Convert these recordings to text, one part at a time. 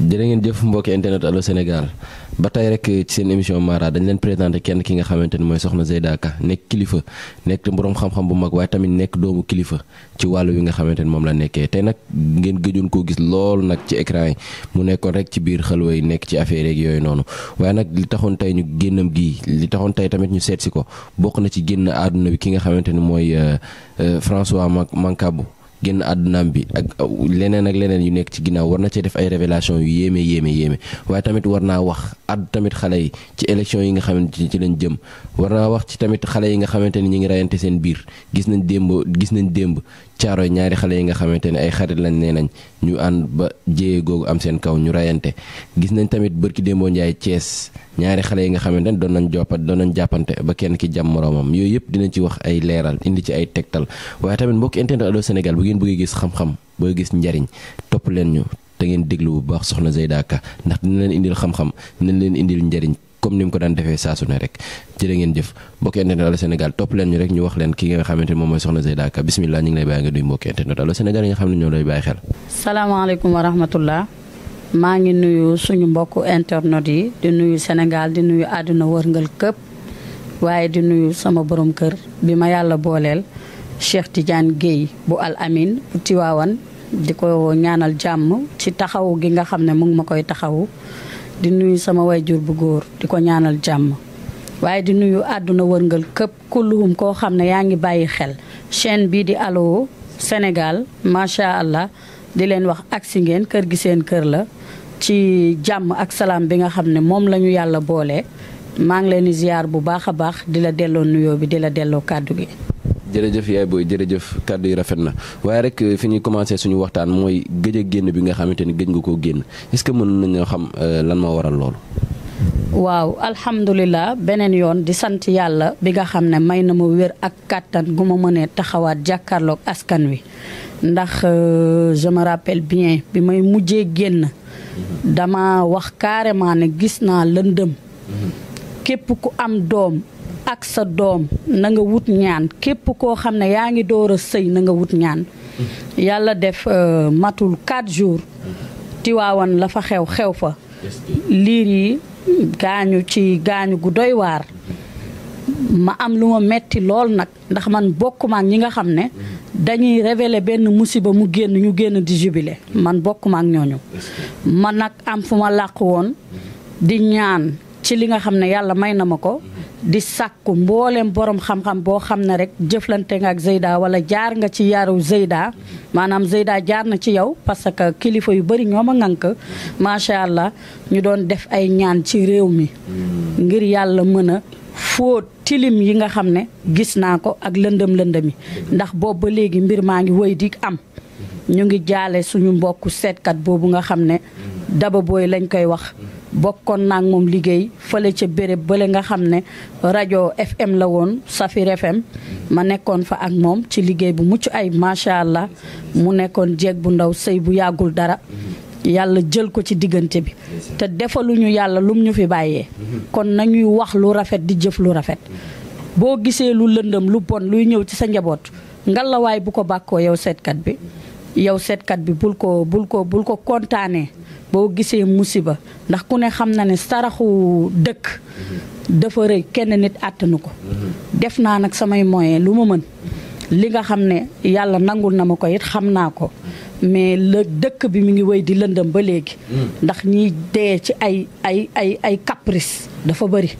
jërë ngeen jëf mbokki internet allo Sénégal ba tey rek ci seen émission Mara dañ leen présenté kenn ki nga xamante ni mooy soxna Zeyda Ka nekk kilifa nekk boroom xam-xam bu mag waaye tamit nekk doomu kilifa ci wàllu wi nga xamante ni moom la nekkee tey nag ngeen gëjoon koo gis lool nag ci écran yi mu nekkoon rek ci biir xalwa yi nekk ci affaire yeeg yooyu noonu waaye nag li taxoon tey ñu génnam gii li taxoon tey tamit ñu seet si ko bokk na ci génn àdduna bi ki nga xamante ni mooy euh, euh, François Mancabou génn àddunaam bi ak leneen ak leneen yu nekk ci ginnaaw war na cee def ay révélation yu yéeme yéeme yéeme waaye tamit war naa wax àddu tamit xale yi ci élection yi nga xamante ni ci lañ jëm war naa wax ci tamit xale yi nga xamante ni ñu ngi rayante seen biir gis nañ démb gis nañ démb caaroy ñaari xale yi nga xamante ne ay xarit lañ nee nañ ñu ànd ba jéye googu am seen kaw ñu reyante gis nañ tamit bërki démboo njaay cees ñaari xale yi nga xamante ne doon nañ joppat doon nañ jàppante ba kenn ki jàmm moroomam yooyu yëpp dina ci wax ay leeral indi ci ay tegtal waaye tamit mbokki internet Allô Sénégal bu ngeen bëggee gis xam-xam bëgg gis njariñ topp leen ñu te ngeen déglu bu baax soxna Zeyda Ka ndax dina leen indil xam-xam dina leen indil njariñ comme ni mu ko daan defee saa su ne rek jërë ngeen jëf mbokki internet Allô Sénégal topp leen ñu rek ñu wax leen ki nga xamante ni moom mooy soxna Zeyda Ka bismillah ñu ngi lay bàyyi nga duy mbokki internet Allô Sénégal yi maa ngi nuyu suñu mbokk internet yi di nuyu senegal di nuyu àdduna wërngal këpp waaye di nuyu sama boroom kër bi ma yàlla booleel Cheikh Tidiane Guèye bu Al Amin bu Tiwaawan di ko ñaanal jàmm ci taxawu gi nga xam ne mu ngi ma koy taxawu. di nuyu sama wayjur bu góor di ko ñaanal jàmm waaye di nuyu àdduna wërngal këpp kulluhum koo xam ne yaa ngi bàyyi xel chaîne bii di Allô Sénégal macha allah di leen wax agsi ngeen kër gi seen kër la ci jàmm ak salaam bi nga xam ne moom la ñu yàlla boole maa ngi leen di ziar bu baax a baax di la delloo nuyoo bi di la delloo kàddu gi. jërëjëf yaay booy jërëjëf kàddu yi rafet na waaye rek euh, fi ñuy commencé suñu waxtaan mooy gëj génn bi nga xamante ni gëj nga koo génn est-ce que mën nañoo xam euh, lan moo waral loolu. waaw alhamdulilah beneen yoon di sant yàlla bi nga xam ne may na ma wér ak kàttan gu ma mënee taxawaat jàkkarlook askan wi ndax euh, je me bien bi may mujjee génn dama wax carrément ne gis naa lëndëm mm-hmm. képp ku am doom. ak sa doom na nga wut ñaan képp koo xam ne yaa ngi door a sëy na nga wut ñaan yàlla def euh, matul 4 jours tiwaawan la fa xew xew fa liir yi gaañu ci gaañu gu doy waar ma am lu ma metti lool nag ndax man bokkumaak ñi nga xam ne dañuy révéler benn musiba mu génn ñu génn di jubile man bokk ma ñooñu man nag am fu ma làq woon di ñaan ci li nga xam ne yàlla may na ma ko di sàkku mboolem borom xam-xam boo xam ne rek jëflante nga ak Zeyda wala jaar nga ci yaru Zeyda maanaam Zeyda jaar na ci yow parce que kilifa yu bëri ñoo ma ŋànk macha allah ñu doon def ay ñaan ci réew mi ngir yàlla mën a fóot tilim yi nga xam ne gis naa ko ak lëndëm lëndëm yi ndax boobu ba léegi mbir maa ngi wëy di am ñu ngi jaale suñu mbokku seetkat boobu nga xam ne daba booy lañ koy wax. bokkoon naa ak moom liggéey fale ca béréb bële nga xam ne rajo FM la woon Safir FM ma nekkoon fa ak moom ci liggéey bu mucc ay macha allah mu nekkoon jeeg bu ndaw sëy bu yàggul dara. yàlla jël ko ci diggante bi te defaluñu yàlla lum ñu fi bàyyee kon nañuy wax lu rafet di jëf lu rafet boo gisee lu lëndëm lu bon luy ñëw ci sa njaboot ngalawaay bu ko bàkkoo yow seetkat bi yow seetkat bi bul ko bul ko bul ko kontaanee boo gisee musiba ndax ku ne xam na ne saraxu dëkk dafa rëy kenn nit àttanu ko def naa nag samay moyen lu ma mën li nga xam ne yàlla nangul na ma ko it xam naa ko mais la dëkk bi mu ngi wéy di lëndëm ba léegi ndax ñiy dee ci ay ay ay ay caprice dafa bëri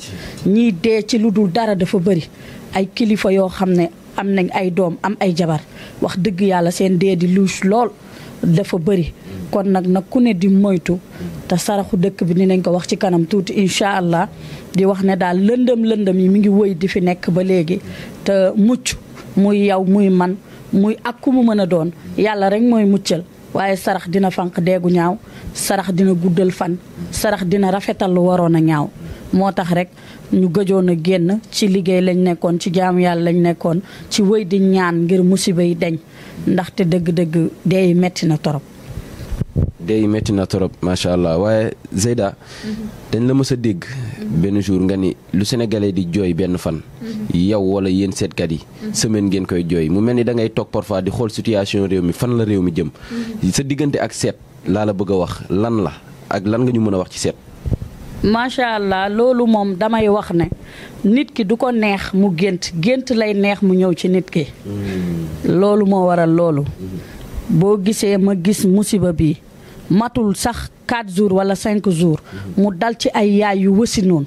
ñiy dee ci lu dul dara dafa bëri ay kilifa yoo xam ne am nañ ay doom am ay jabar wax dëgg yàlla seen dee di luus lool dafa bëri kon nag nag ku ne di moytu te saraxu dëkk bi dinañ ko wax ci kanam tuuti incha allah di wax ne daal lëndëm lëndëm yi mi ngi wëy di fi nekk ba léegi te mucc muy yow muy man muy ak ku mu mën a doon yàlla rek mooy muccal waaye sarax dina fànq deegu ñaaw sarax dina guddal fan sarax dina rafetal lu waroon a ñaaw moo tax rek ñu gëjoon a génn ci liggéey lañ nekkoon ci jaamu yàlla lañ nekkoon ci wëy di ñaan ngir musiba yi deñ ndaxte dëgg-dëgg deey metti na torop day métti na trop macha allah waaye Zeyda. Mhm. dañ la mës a dégg. Mhm. benn jour nga ni lu sénégalais di jooy benn fan. Mhm. yow wala yéen seetkat yi. semaine ngeen koy jooy mu mel ni da ngay toog parfois di xool situation réew mi fan la réew mi jëm. sa diggante ak seet laa la bëgg a wax lan la ak lan nga ñu mën a wax ci seet. macha allah loolu moom damay wax ne nit ki du ko neex mu gént gént lay neex mu ñëw ci nit ki. loolu moo waral loolu. boo gisee ma gis musiba bi matul sax 4 jours wala 5 jours mu dal ci ay yaay yu wësi noonu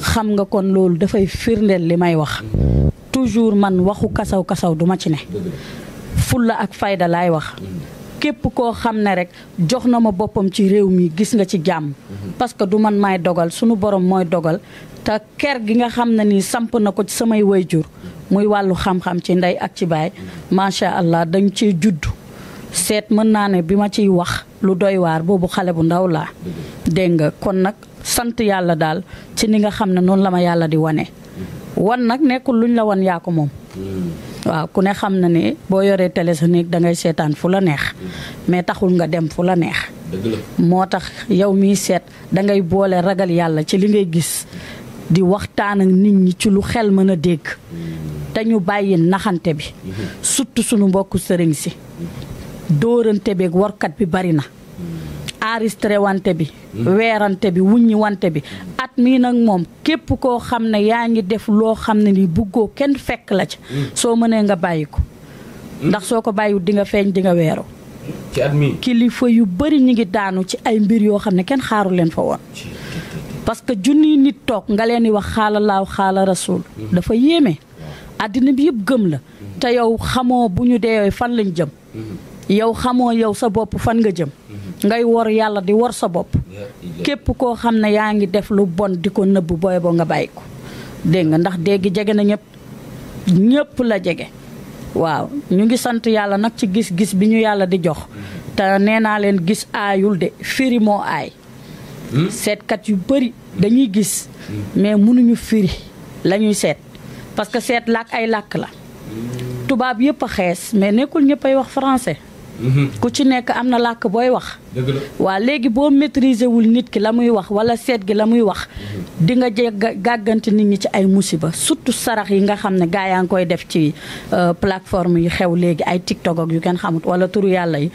xam nga kon loolu dafay firndeel li may wax toujours man waxu kasaw kasaw duma ci ne fulla ak fayda laay wax képp koo xam ne rek jox na ma boppam ci réew mi gis nga ci jàmm parce que du man maay dogal suñu borom mooy dogal te ker gi nga xam ne nii samp na ko ci samay wayjur muy wàllu xam-xam ci ndey ak ci baay macha allah dañ ci judd seet mën naa ne bi ma ciy wax lu doy waar boobu xale bu ndaw laa dégg nga kon nag sant yàlla daal ci ni nga xam ne noonu la ma yàlla di wane wan nag nekkul luñ la wan yaa ko moom waaw ku ne xam na ne boo yoree télé sa néeg da ngay seetaan fu la neex mais taxul nga dem fu la neex moo tax yow miy seet dangay boole ragal yàlla ci li ngay gis di waxtaan ak nit ñi ci lu xel mën a dégg mm. te bàyyi naxante bi mm-hmm. surtout sunu mbokk sëriñ si dóorante beeg warkat bi bari na enregistré wante bi weerante bi wuññi wante bi at mii nag moom képp koo xam ne yaa ngi def loo xam ne nii buggoo kenn fekk la ca soo mënee nga bàyyi ko ndax soo ko bàyyiwul dinga feeñ di nga weeroo kilifa yu bëri ñu ngi daanu ci ay mbir yoo xam ne kenn xaaru leen fa woon parce que junni nit toog nga leen di wax xaala laaw xaala rasul dafa yéeme àddina bi yëpp gëm la mm-hmm. te yow xamoo bu ñu deewee fan lañ jëm mm-hmm. yow xamoo yow sa bopp fan nga jëm mm-hmm. ngay wor yàlla di wor sa bopp képp koo xam ne yaa ngi def lu bon di ko nëbb booy boo nga bàyyi ko dégg nga ndax dégg jege na ñëpp ñëpp la jege waaw ñu ngi sant yàlla nag ci gis-gis bi ñu yàlla di jox mm-hmm. te nee naa leen gis aayul de firi moo aay hmm? seetkat yu bëri dañuy gis hmm. mais munuñu firi la ñuy seet parce que seet làkk ay làkk la hmm. tubaab yëpp a xees mais nekkul ñëpp ay wax français Mm-hmm. ku ci nekk am na làkk booy wax. waa léegi boo maîtriser wul nit ki la muy wax wala seet gi la muy wax. Mm-hmm. di nga jég gàggante nit ñi ci ay musiba surtout sarax yi nga xam ne gaa yaa ngi koy def ci euh, plateforme yi xew léegi ay TikTok ak yu kenn xamut wala turu yàlla yi.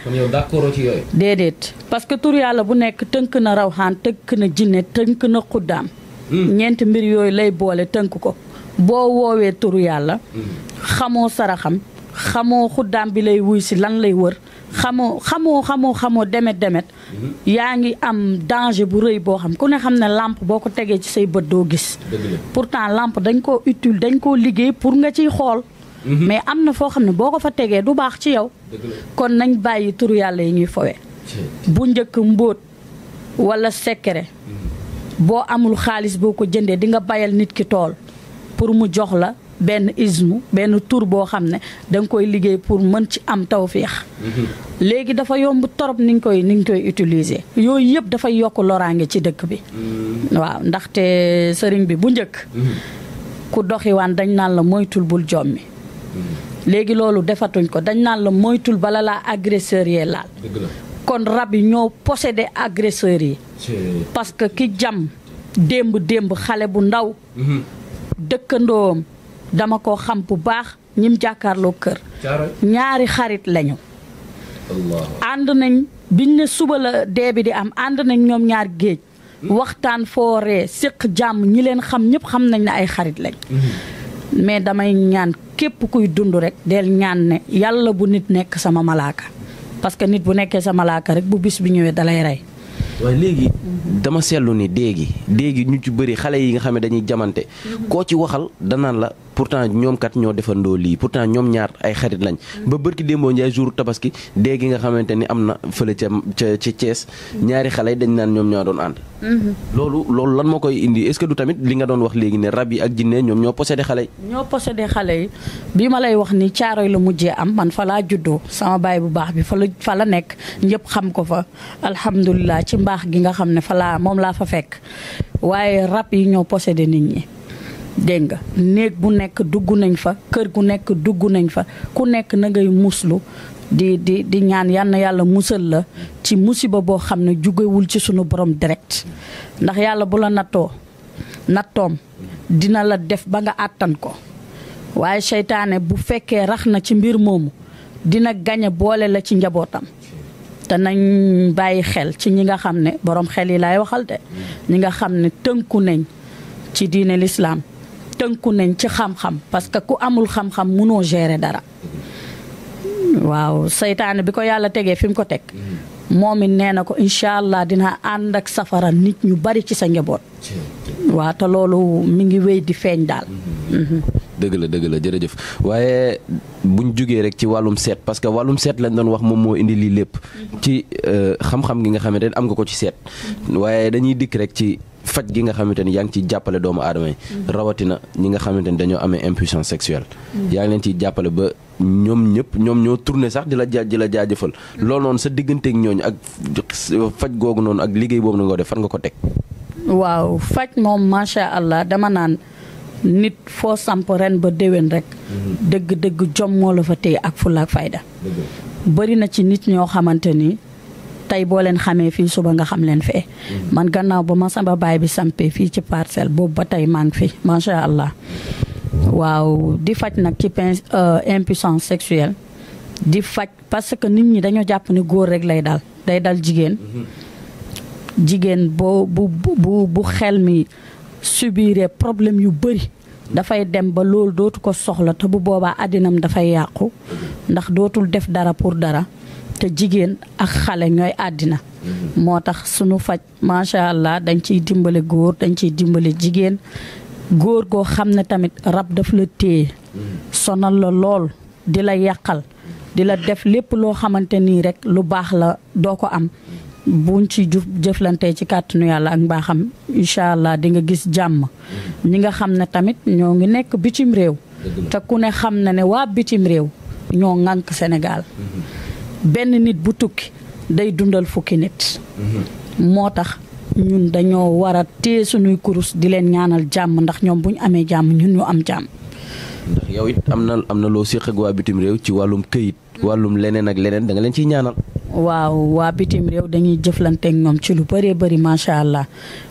déedéet parce que turu yàlla bu nekk tënk na raw xaan tënk na jinne tënk na xuddaam. Mm. ñeenti mbir yooyu lay boole tënk ko boo woowee turu yàlla. Mm. xamoo saraxam. xamoo xuddaam bi lay wuy si lan lay wër xamoo xamoo xamoo xamoo demet demet mm-hmm. yaa ngi am danger bu rëy boo xam ku ne xam ne làmp boo ko tegee ci say bët doo gis pourtant làmp dañ koo utile dañ koo liggéey pour nga ciy xool mm-hmm. mais am na foo xam ne boo ko fa tegee du baax ci yow kon nañ bàyyi turu yàlla yi ñuy fowe bu njëkk mbóot walla secret mm-hmm. boo amul xaalis boo ko jëndee di nga bayal nit ki tool pour mu jox la benn ismu benn tur boo xam ne da nga koy liggéey pour mën ci am tawféex mhm. léegi dafa yomb torop ni nga koy ni nga koy utiliser yooyu yëpp dafay yokk loraange ci dëkk bi mhm. waaw ndaxte sëriñ bi bu njëkk mhm. ku doxiwaan dañ naan la moytul bul jommi léegi loolu defatuñ ko dañ naan la moytul bala laa agresseur yee laal kon rab yi ñoo possédé agresseurs yi parce que ki jam démb démb xale bu ndaw dëkkandoom dama ko xam bu baax ñim jàkkaarloo kër ñaari xarit lañu ànd nañ biñ ne suba la dee bi di am ànd nañ ñoom ñaar géej hmm. waxtaan fooree séq jàmm ñi leen xam ñëpp xam nañ ne ay xarit lañ hmm. mais damay ñaan képp kuy dund rek del ñaan ne yàlla bu nit nekk sama malaaka parce que nit bu nekkee sa malaaka rek bu bis bi ñëwee dalay rey waaye léegi hmm. dama seetlu ni déegi déegi ñu ci bëri xale yi nga xam ne dañuy jamante koo ci waxal danaan la pourtant ñoom kat ñoo defandoo lii pourtant ñoom ñaar ay xarit lañ. ba bërki démboo Ndiaye jour tabaski dee gi nga xamante ni am na fële ca ca ñaari xale dañ naan ñoom ñoo doon ànd. Mhm. loolu loolu lan moo koy indi est-ce que du tamit li nga doon wax léegi ne rab yi ak jinne ñoom ñoo possédé xale yi. ñoo xale yi ma lay wax ni caaroy la mujjee am man fa laa juddoo sama baay bu baax bi fa la fa la nekk ñëpp xam ko fa alhamdulilah ci mbaax gi nga xam ne fa laa moom laa fa fekk nit ñi. dégg nga néeg bu nekk dugg nañ fa kër gu nekk dugg nañ fa ku nekk na ngay muslu di di di ñaan yal yàlla musal la ci musiba boo xam ne jugewul ci sunu borom direct ndax yàlla bu la nattoo nattoom dina la def ba nga àttan ko waaye seytaane bu fekkee rax na ci mbir moomu dina gañe boole la ci njabootam te nañ bàyyi xel ci ñi nga xam ne borom xel yi laay waxal de ñi nga xam ne tënku nañ ci diine lislaam tënku nañ ci xam-xam parce que ku amul xam-xam munoo gérer dara waaw seytaane bi ko yàlla tegee fi mu ko teg moom it nee na ko incha allah dina ànd ak safara nit ñu bari ci sa njaboot. waaw loolu mi ngi wéy di feeñ daal. Mhm. dëgg la dëgg la jërëjëf waaye buñ jógee rek ci wàllum seet parce que wàllum seet lañ doon wax moom moo indi lii lépp. Mhm. ci euh, xam-xam gi nga xamante ne am nga ko ci seet. Mhm. waaye dañuy dikk rek ci faj gi nga xamante ni yaa ngi ciy jàppale doomu aadama yi. Mm-hmm. rawatina ñi nga xamante ni dañoo amee impuissance sexuelle. Mm-hmm. yaa ngi leen ciy jàppale ba ñoom ñëpp ñoom ñoo tourné sax di la ja di jaajëfal. Mm-hmm. loolu noonu sa digganteeg ñooñu ak faj googu noonu ak liggéey boobu nga ko def fan nga ko teg. waaw faj moom macha allah dama naan nit foo samp ren ba déwén rek. dëgg dëgg jom la fa téye ak fulla ak fayda. bëri ci nit ñoo xamante ni. tey boo leen xamee fii suba nga xam leen fee mm-hmm. man gannaaw ba ma sama baay bi sampee fii ci parcelle boobu ba tey maa ngi fi macha allah waaw di faj nag ci pen euh, impuissance sexuelle di faj parce que nit ñi dañoo jàpp ne góor rek lay dal day dal jigéen mm-hmm. jigéen boo bu bu xel mi subiree problème yu bëri dafay dem ba loolu dootu ko soxla te bu boobaa àddinam dafay yàqu mm-hmm. ndax dootul def dara pour dara te jigéen ak xale ñooy àddina moo tax sunu faj macha allah dañ ciy dimbale góor dañ ciy dimbale jigéen góor goo xam ne tamit rab daf la téye sonal la lool di la yàqal di la def lépp loo xamante nii rek lu baax la doo ko am buñ ci juf jëflantee ci kàttanu yàlla ak mbaaxam incha allah di nga gis jàmm ñi nga xam ne tamit ñoo ngi nekk bitim réew te ku ne xam na ne waa bitim réew ñoo ŋànk Sénégal mm-hmm. benn nit bu tukki day dundal fukki nit. moo tax ñun dañoo war a téye suñuy kurus di leen ñaanal jàmm ndax ñoom bu ñu amee jàmm ñun ñu am jàmm. ndax yow it am na am na loo séq waa bitim réew ci wàllum këyit wàllum leneen ak leneen da nga leen ciy ñaanal. waaw waa bitim réew dañuy jëflanteek ñoom ci lu bëree bari macha allah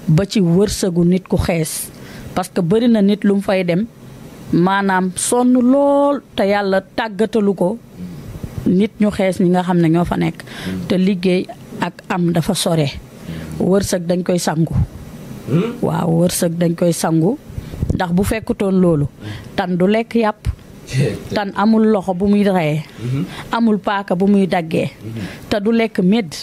ba ci wërsëgu nit ku xees parce que bëri na nit lu mu fay dem maanaam sonn lool te yàlla tàggatalu ko. nit ñu xees ñi nga xam ne ñoo fa nekk mm. te liggéey ak am dafa sore mm. wërsëg dañ koy sangu mm. waaw wërsëg dañ koy sangu ndax bu fekkutoon loolu tan du lekk yàpp tan amul loxo bu muy reyee mm-hmm. amul paaka bu muy daggee mm-hmm. te du lekk medd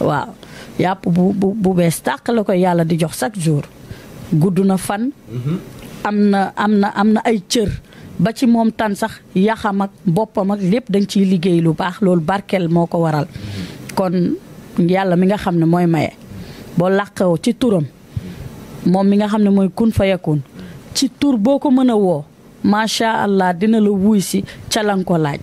waaw yàpp bu bu bu bees tàq la yàlla di jox chaque jour gudd na fan mm-hmm. am na am na am na ay cër ba ci moom tan sax yaxam ak boppam ak lépp dañ ciy liggéey lu baax loolu barkeel moo ko waral kon yàlla mi nga xam ne mooy maye boo làqoo ci turam moom mi nga xam ne mooy kun fayakun ci tur boo ko mën a woo macha allah dina la wuy si ca ko laaj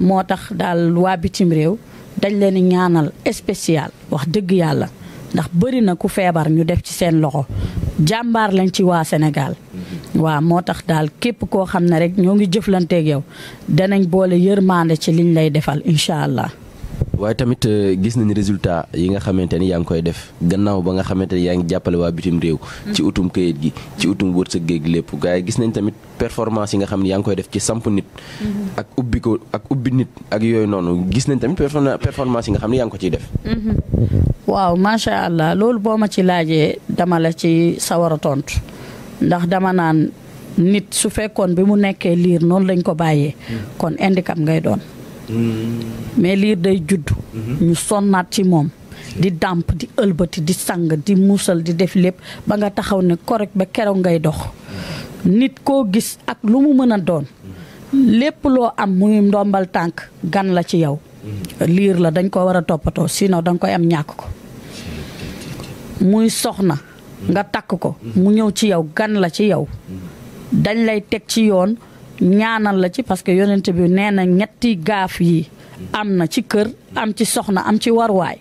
moo tax daal waa bitim réew dañ leen di ñaanal spécial wax dëgg yàlla ndax bëri na ku feebar ñu def ci seen loxo jàmbaar lañ ci waa Sénégal waaw moo tax daal képp koo xam ne rek ñoo ngi jëflanteeg yow danañ boole yërmande ci liñ lay defal incha allah. waaye tamit euh, gis nañu résultat yi nga xamante ni yaa ngi koy def gannaaw ba nga xamante ni yaa ngi jàppale waa bitim réew. Mm. ci utum këyit gi ci utum wërsëg géeg lépp gis nañ tamit performance yi nga xam ne yaa ngi koy def ci samp nit. Mm-hmm. ak ubbi ko ak ubbi nit ak yooyu noonu gis nañ tamit performance yi nga xam ne yaa ngi ko ciy def. Mm-hmm. waaw macha allah loolu boo ma ci laajee dama la ci sawar a tontu. ndax dama naan nit su fekkoon bi mu nekkee liir noonu lañ ko bàyyee mm. kon indikam ngay doon mm. mais liir day judd mm-hmm. ñu sonnaat ci moom di dàmp di ëlbati di sang di muusal di def lépp ba nga taxaw ne korok ba keroog ngay dox mm. nit koo gis ak lu mu mën a doon lépp loo am muy ndombal tànk gan la ci yow liir la dañ ko war a toppatoo sinon danga koy am ñàkk ko muy soxna nga takk ko mu ñëw ci yow gan la ci yow dañ lay teg ci yoon ñaanal la ci parce que yonent bi nee na ñetti gaaf yi am na ci kër am ci soxna am ci waruwaay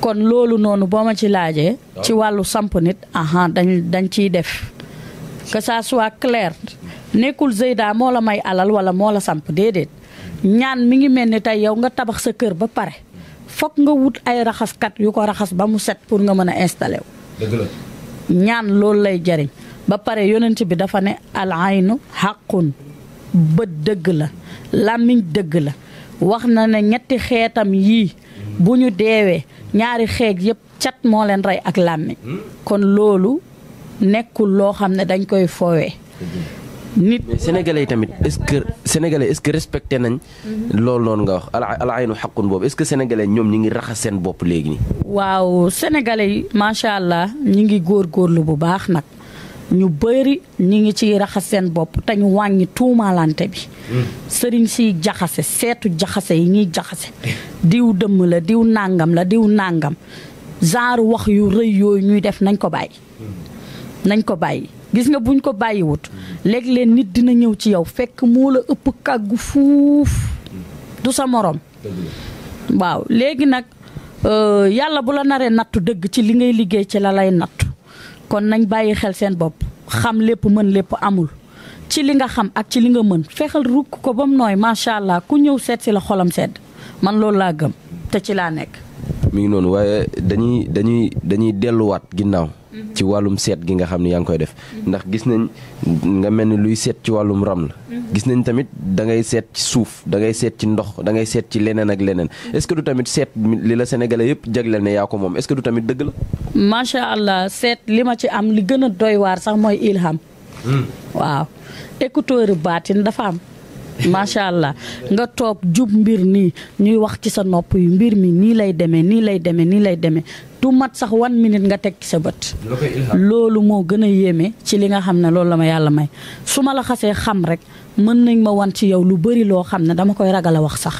kon loolu noonu boo ma ci laajee ci ah. wàllu samp nit aha dañ dañ ciy def que ça soit clair nekkul Zeyda moo la may alal wala moo la samp déedéet ñaan mi ngi mel ni tey yow nga tabax sa kër ba pare fokk nga wut ay raxaskat yu ko raxas ba mu set pour nga mën a installé wu ñaan loolu lay jariñ ba pare yonent bi dafa ne al aynu xàqun bët dëgg la làmmiñ dëgg la wax na ne ñetti xeetam yii bu ñu deewee ñaari xeet yépp cat moo leen rey ak làmmiñ hmm? kon loolu nekkul loo xam ne dañ koy foowee nit mais sénégalais yi tamit est-ce que sénégalais nañ. loolu noonu nga wax al aynu xaqun boobu est-ce que ñoom ñi ngi raxas seen bopp léegi nii. waaw sénégalais yi macha allah ñi ngi góor góorlu bu baax nag ñu bëri ñi ngi ciy raxas seen bopp te ñu wàññi tuumaalante bi. Hmm. sëriñ siy jaxase seetu jaxase yi ñuy jaxase. diw dëmm la diw nàngam la diw nàngam genre wax yu rëy yooyu ñuy def nañ ko bàyyi. Hmm. nañ ko bàyyi. gis nga buñ ko bàyyiwut léeg leen nit dina ñëw ci yow fekk moo ëpp kàggu fuuf du sa morom waaw léegi nag euh, yàlla bu la naree nattu dëgg ci li ngay liggéey ci la lay nattu kon nañ bàyyi xel seen bopp xam lépp mën lépp amul ci li nga xam ak ci li nga mën fexeel rukk ko ba mu nooy macha allah ku ñëw seet si la xolam sedd man loolu laa gëm te ci laa nekk. mi ngi waaye dañuy dañuy dañuy delluwaat ginnaaw. ci wàllum seet gi nga xam ne yaa ngi koy def ndax gis nañ nga mel ni luy seet ci wàllum ram la gis nañ tamit da ngay seet ci suuf da ngay seet ci ndox da ngay seet ci leneen ak leneen est-ce que du tamit seet li la sénégalais yëpp jagleel ne yaa ko moom est-ce que du tamit dëgg la macha allah seet li ma ci am li gën a doy waar sax mooy ilham hmm. waaw écouteur baatin dafa am macha allah nga toog jub mbir nii ñuy wax ci sa nopp yi mbir mi nii lay demee nii lay demee nii lay demee du mat sax one minute nga teg sa bët. loolu moo gën a yéeme ci li nga xam ne loolu la ma yàlla may su ma la xasee xam rek mën nañ ma wan ci yow lu bëri loo xam ne dama koy ragal wax sax.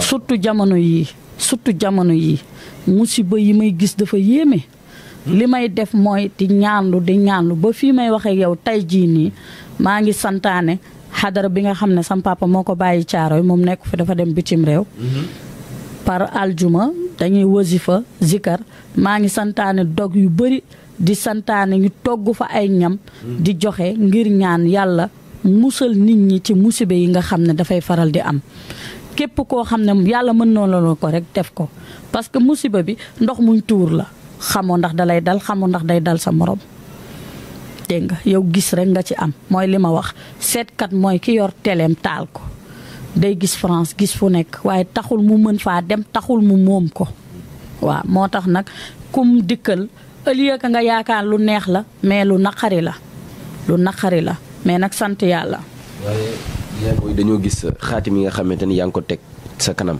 surtout jamono yii surtout jamono yii musiba yi may gis dafa yéeme. Hmm? li may def mooy di ñaanlu di ñaanlu ba fii may waxee yow tey jii nii maa ngi santaane xadara bi nga xam ne sam moo ko bàyyi caaro yi moom nekku fi dafa dem bitim réew. Hmm? par aljuma dañuy wasifa sikar maa ngi santaane dog yu bari di santaane ñu togg fa ay ñam di joxe ngir ñaan yàlla musal nit ñi ci musibe yi nga xam ne dafay faral di am képp koo xam ne yàlla mën noonu la ko rek def ko parce que musiba bi ndox muñ tuur la xamoo ndax dalay dal xamoo ndax day dal sa moroom te nga yow gis rek nga ci am mooy li ma wax seetkat mooy ki yor teleem taal ko day gis France gis fu nekk waaye taxul mu mën faa dem taxul mu moom ko waaw moo tax nag kum dikkal au lieu que nga yaakaar lu neex la mais lu naqari la lu naqari la mais nag sant yàlla. waaye dañoo gis sa xaatim yi nga xamante ni yaa ngi ko teg sa kanam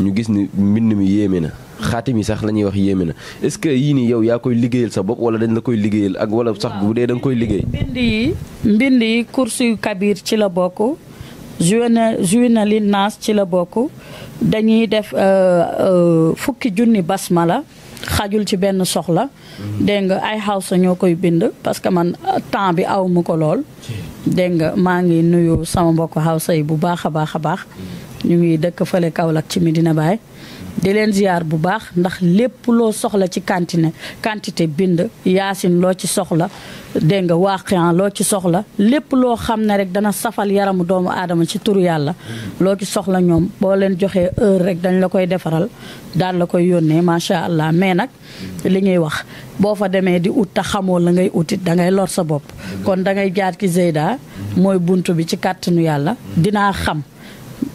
ñu gis ni mbind mi yéeme na. xaatim yi sax la ñuy wax yéeme na est que yii nii yow yaa koy liggéeyal sa bopp wala dañ la koy liggéeyal ak wala sax bu dee da nga koy liggéey. mbind yi mbind yi kursu kabir ci la bokk. joué na joué naas ci la bokk dañuy def euh, euh, fukki junni basmala xajul ci benn soxla mhm. dégg nga ay xawsa ñoo koy bind parce que man euh, temps bi aw mu ko lool dégg nga maa ngi nuyu sama mbokk xawsa yi bu baax a baax a baax mhm. ñu ngi dëkk fële Kaolack ci Medina baay di leen ziar bu baax ndax lépp loo soxla ci quantité quantité bind yaasin loo ci soxla dégg nga waaqian loo ci soxla lépp loo xam ne rek dana safal yaramu doomu aadama ci turu yàlla loo ci soxla ñoom boo leen joxee heure rek dañ la koy defaral daal la koy yónnee macha allah mais nag li ñuy wax boo fa demee di ut te xamoo la ngay utit da ngay lor sa bopp kon da ngay jaar ci Zeyda mooy bunt bi ci kàttanu yàlla dinaa xam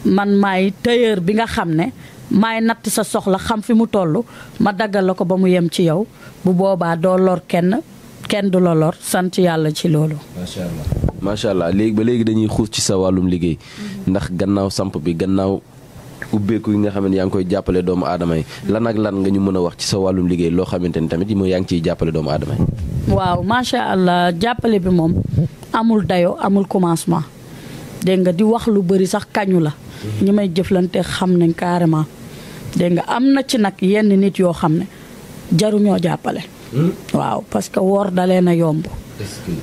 man maay tailleur bi nga xam ne maay natt sa soxla xam fi mu toll ma daggal la ko ba mu yem ci yow bu boobaa doo lor kenn kenn du la lor sant yàlla ci loolu. macha allah macha allah léegi ba léegi dañuy xuus ci sa wàllum liggéey. Mm-hmm. ndax gannaaw samp bi gannaaw ubbeeku yi nga xam ne yaa ngi koy jàppale doomu aadama yi mm-hmm. lan ak lan nga ñu mën a wax ci sa wàllum liggéey loo xamante ni tamit mooy yaa ngi ciy jàppale doomu aadama yi. waaw macha allah jàppale bi moom amul dayo amul commencement dégg nga di wax lu bëri sax kañu la. ñi may jëflante xam nañ carrément dégg nga am na ci nag yenn nit yoo xam ne jaruñoo jàppale. Hmm? waaw parce que woor dalee na yomb.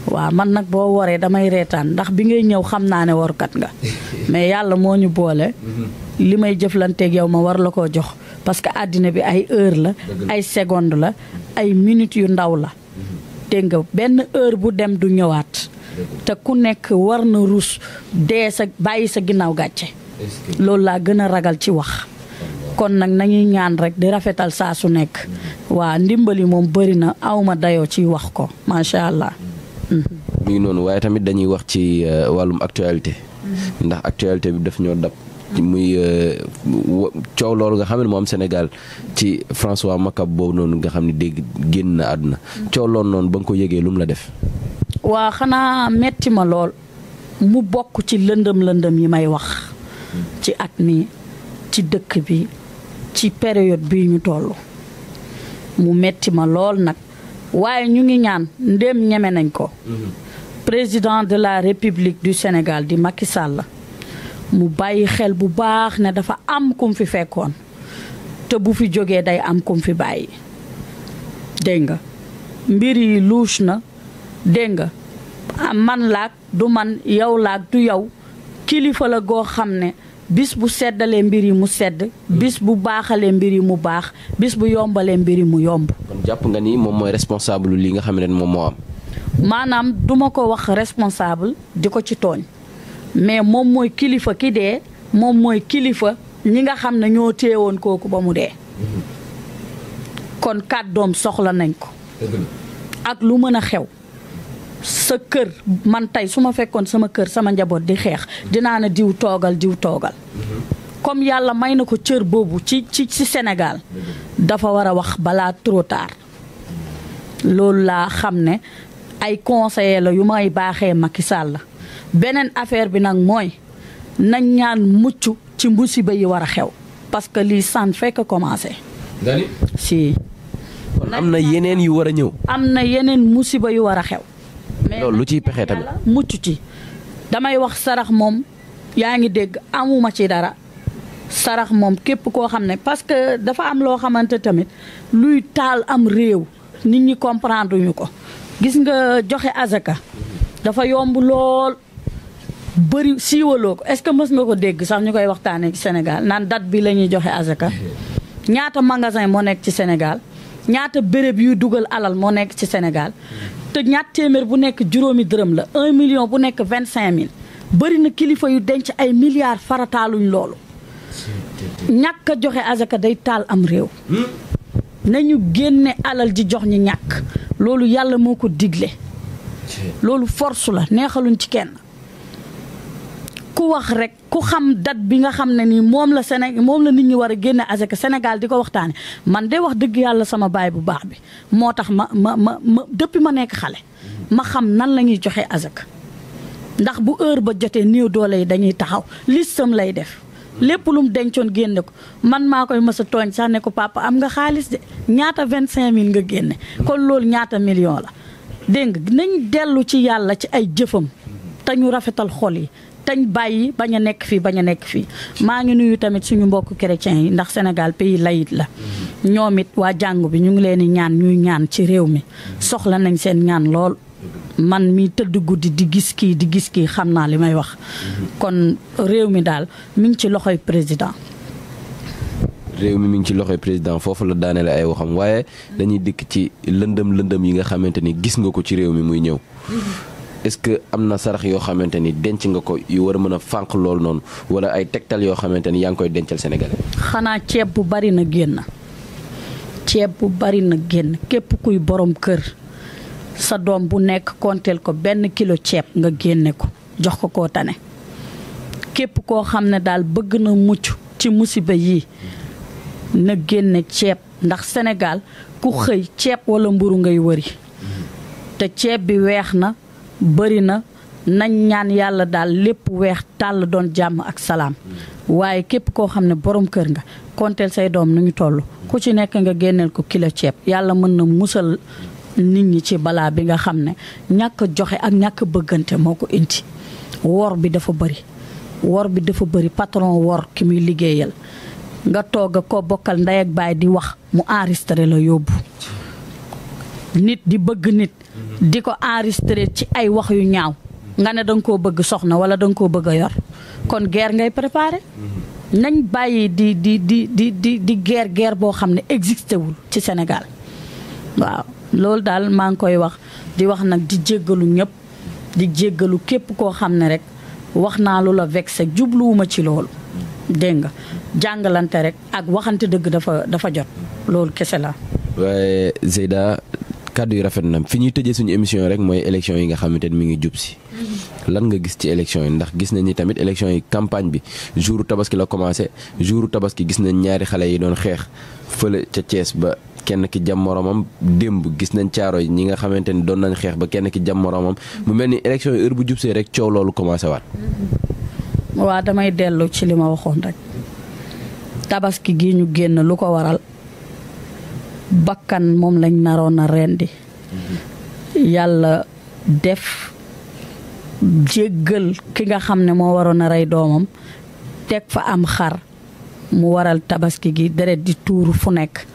waaw man nag boo woree damay reetaan ndax bi ngay ñëw xam naa ne workat nga mais yàlla moo ñu boole. Hmm. li may jëflanteeg yow ma war la koo jox parce que àddina bi ay heure la. ay seconde la ay minutes yu ndaw la. Hmm. dégg nga benn heure bu dem du ñëwaat. te ku nekk war na ruus dee sa bàyyi sa ginnaaw gàcce. loolu laa gën a ragal ci wax kon nag nañuy ñaan rek di rafetal saa su nekk mm-hmm. waa ndimbali moom bëri na awma dayoo ciy wax ko macha allah. mu mm-hmm. ngi noonu waaye tamit dañuy wax ci euh, wàllum actualité mm-hmm. ndax actualité bi daf ñoo dab muy euh, coow loolu nga xam ne moo am Sénégal ci François Mancabou boobu noonu nga xam ni dégg génn na àdduna coow loolu noonu ba nga ko yëgee lu mu la def waa xanaa metti ma lool mu bokk ci lëndëm lëndëm yi may wax ci at mi ci dëkk bi ci période bi ñu toll mu metti ma lool nag waaye ñu ngi ñaan ndéem ñeme nañ ko mm-hmm. président de la république du Sénégal di Macky Sall mu bàyyi xel bu baax ne dafa am kum fi fekkoon te bu fi jógee day am kum fi bàyyi dégg nga mbir yi louche na dégg nga man laag du man yow laag du yow kilifa la goo xam ne bis bu seddalee mbir yi mu sedd bis bu baaxalee mbir yi mu baax bis bu yombalee mbir yi mu yomb kon jàpp nga ni moom mooy responsable li nga xam ne moom moo am maanaam duma ko wax responsable di ko ci tooñ mais moom mooy kilifa ki dee moom mooy kilifa ñi nga xam ne ñoo téewoon kooku ba mu dee mm-hmm. kon kàddoom soxla nañ ko ak lu mën a xew sa kër man tey su ma fekkoon sama kër sama njaboot di xeex dinaa ne diw toogal diw toogal comme yàlla may na ko cër boobu ci ci ci Sénégal dafa war a wax balaa trop loolu laa xam ne ay conseiller la yu may baaxee Macky Sall la beneen affaire bi nag mooy nañ ñaan mucc ci musiba yi war a xew parce que lii san fekk commencé si am na yeneen yu war a ñëw am na yeneen musiba yu war a xew loolu lu ciy pexe tamit mucc ci damay wax sarax moom yaa ngi dégg amuma ci dara sarax moom képp koo xam ne parce que dafa am loo xamante tamit luy taal am réew nit ñi comprendre ñu ko gis nga joxe azaka dafa yomb lool bëri siiwaloo ko est-ce que mës nga ko dégg sax ñu koy waxtaanee ci Sénégal naan date bi la ñuy joxe azaka ñaata magasin moo nekk ci Sénégal ñaata béréb yuy dugal alal moo nekk ci Sénégal te ñaat téeméer bu nekk juróomi dërëm la un million bu nekk vingt cinq mille bëri na kilifa yu denc ay milliards farataaluñ loolu ñàkk a joxe azaka day taal am réew nañu génne alal ji jox ñi ñàkk loolu yàlla moo ko digle loolu force la neexaluñ ci kenn ku wax rek ku xam dat bi nga xam ne nii moom la Séné moom la nit ñi war a génne asaka Sénégal di ko waxtaane man de wax dëgg yàlla sama baay bu baax bi moo tax ma ma ma ma depuis ma nekk xale ma xam nan la ñuy joxe asaka ndax bu heure ba jotee néew doole yi dañuy taxaw listam lay def lépp lu dencoon génne ko man maa koy mës a tooñ sax ne ko papa am nga xaalis de ñaata vingt cinq mille nga génne kon loolu ñaata million la dégg nañ dellu ci yàlla ci ay jëfam te ñu rafetal yi tañ bàyyi bañ a nekk fii bañ a nekk fii maa ngi nuyu tamit suñu mbokk chrétien yi ndax Sénégal pays layit la ñoom it waa jàngu bi ñu ngi leen di ñaan ñuy ñaan ci réew mi soxla nañ seen ñaan lool man mi tëdd guddi di gis kii di gis kii xam naa li may wax kon réew mi daal mi ngi ci loxoy président réew mi mi ngi ci loxoy président foofu la daaneel ay waxam waaye dañuy dikk ci lëndëm lëndëm yi nga xamante ni gis nga ko ci réew mi muy ñëw est-ce que am na sarax yoo xamante ni denc nga ko yu war a mën a fànq loolu noonu wala ay tegtal yoo xamante ni yaa ngi koy dencal Sénégalais. xanaa ceeb bu bari na génn ceeb bu bari na génn képp kuy borom kër sa doom bu nekk konteel ko benn kilo ceeb nga génne ko jox ko koo tane képp koo xam ne daal bëgg na mucc ci musiba yi na génne ceeb ndax senegal ku xëy ceeb wala mburu ngay wëri te ceeb bi weex na. bëri na nañ ñaan yàlla daal lépp weex tàll doon jàmm ak salaam waaye képp koo xam ne borom kër nga konteel say doom nu ñu toll ku ci nekk nga génneel ko kilo ceeb yàlla mën na musal nit ñi ci balaa bi nga xam ne ñàkk joxe ak ñàkk bëggante moo ko indi wor bi dafa bëri wor bi dafa bari patron wor ki muy liggéeyal nga toog a ko bokkal ndey ak baay di wax mu aristare la yóbbu nit di bëgg nit di ko enregistré ci ay wax yu ñaaw nga ne da ko bëgg soxna wala da nga koo bëgg yor kon guerre ngay préparé. nañ bàyyi di di di di di di guerre guerre boo xam ne existé wul ci senegal waaw loolu daal maa ngi koy wax di wax nag di jéggalu ñëpp di jéggalu képp koo xam ne rek wax naa lu la vexé jubluwuma ci loolu dégg nga jàngalante rek ak waxante dëgg dafa dafa jot loolu kese la. kàddu yu rafet na fi ñuy tëjee suñu émission rek mooy élection yi nga xamante ni mi ngi jub lan nga gis ci élection yi ndax gis nañ ni tamit élection yi campagne bi jour tabaski la commencé jour tabaski gis nañ ñaari xale yi doon xeex fële ca Thiès ba kenn ki jam moromam démb gis nañ caaro yi ñi nga xamante ni doon nañ xeex ba kenn ki jam moroomam mu mel ni élection yi heure bu jub see rek coow loolu commencé waat. waaw damay dellu ci li ma waxoon bakkan moom lañ naroon a rendi yàlla def jéggal ki nga xam ne moo waroon a rey doomam teg fa am xar mu waral tabaski gi deret di tuur fu nekk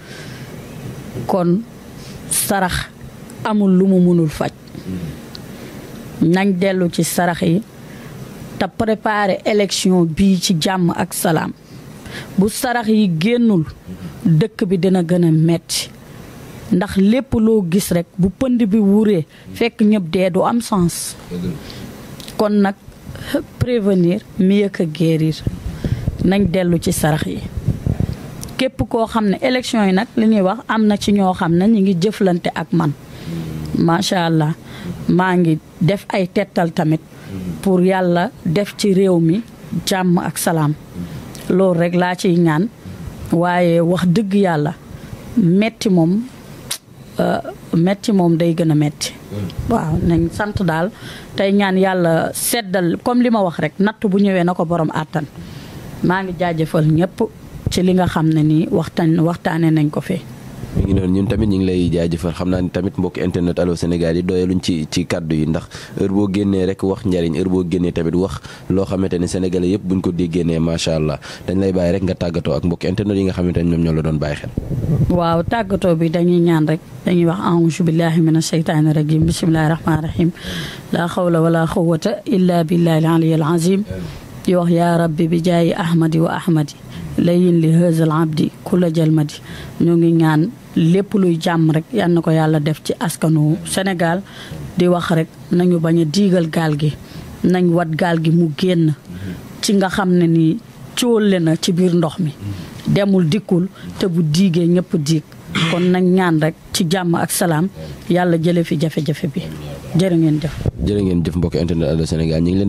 kon sarax amul lu mu mënul faj nañ dellu ci sarax yi te préparer élection bii ci jàmm ak salaam bu sarax yi génnul dëkk bi dina gën a metti ndax lépp loo gis rekk bu pënd bi wuree fekk ñëpp dee du am sens kon nag prévenir mieux que guérir nañ dellu ci sarax yi képp koo xam ne élection yi nag li ñuy wax am na ci ñoo xam ne ñu ngi jëflante ak man macha allah maa ngi def ay tettal tamit pour yàlla def ci réew mi jàmm ak salaam loolu rek laa ciy ñaan waaye wax dëgg yàlla metti moom euh, metti moom day gën a metti mm. waaw nañ sant daal tey ñaan yàlla seddal comme li ma wax rek natt bu ñëwee na ko borom àttan maa ngi jaajëfal ñëpp ci li nga xam ne nii waxtaan waxtaane nañ ko fee mi ngi noonu ñun tamit ñu ngi lay jaajëfal xam naa ni tamit mbokk internet Allô Sénégal yi doyaluñ ci ci kàddu yi ndax heure boo génnee rek wax njariñ heure boo génnee tamit wax loo xamante ne sénégalais yëpp buñ ko déggee ne macha allah dañ lay bàyyi rek nga tàggatoo ak mbokk internet yi nga xamante ne ñoom ñoo la doon bàyyi xel. waaw tàggatoo bi dañuy ñaan rek dañuy wax auzu billahi mina sheytaani rajim bismillahi rahmaani rahim laa xawla wa quwwata illa billahi al aliyyil azim di wax yaa rabbi bi jaayi ahmadi wa ahmadi layin li hëzal abdi ku la di ñoo ngi ñaan lépp luy jàmm rek yan na ko yàlla def ci askanu senegal di wax rek nañu bañ a diigal gaal gi nañ wat gaal gi mu génn ci nga xam ne ni cóole na ci biir ndox mi demul dikkul te bu diigee ñëpp diig kon nañ ñaan rek ci jàmm ak salaam yàlla jële fi jafe-jafe bi jërë ngeen jëf jërë ngeen jëf mbokk internet al senegal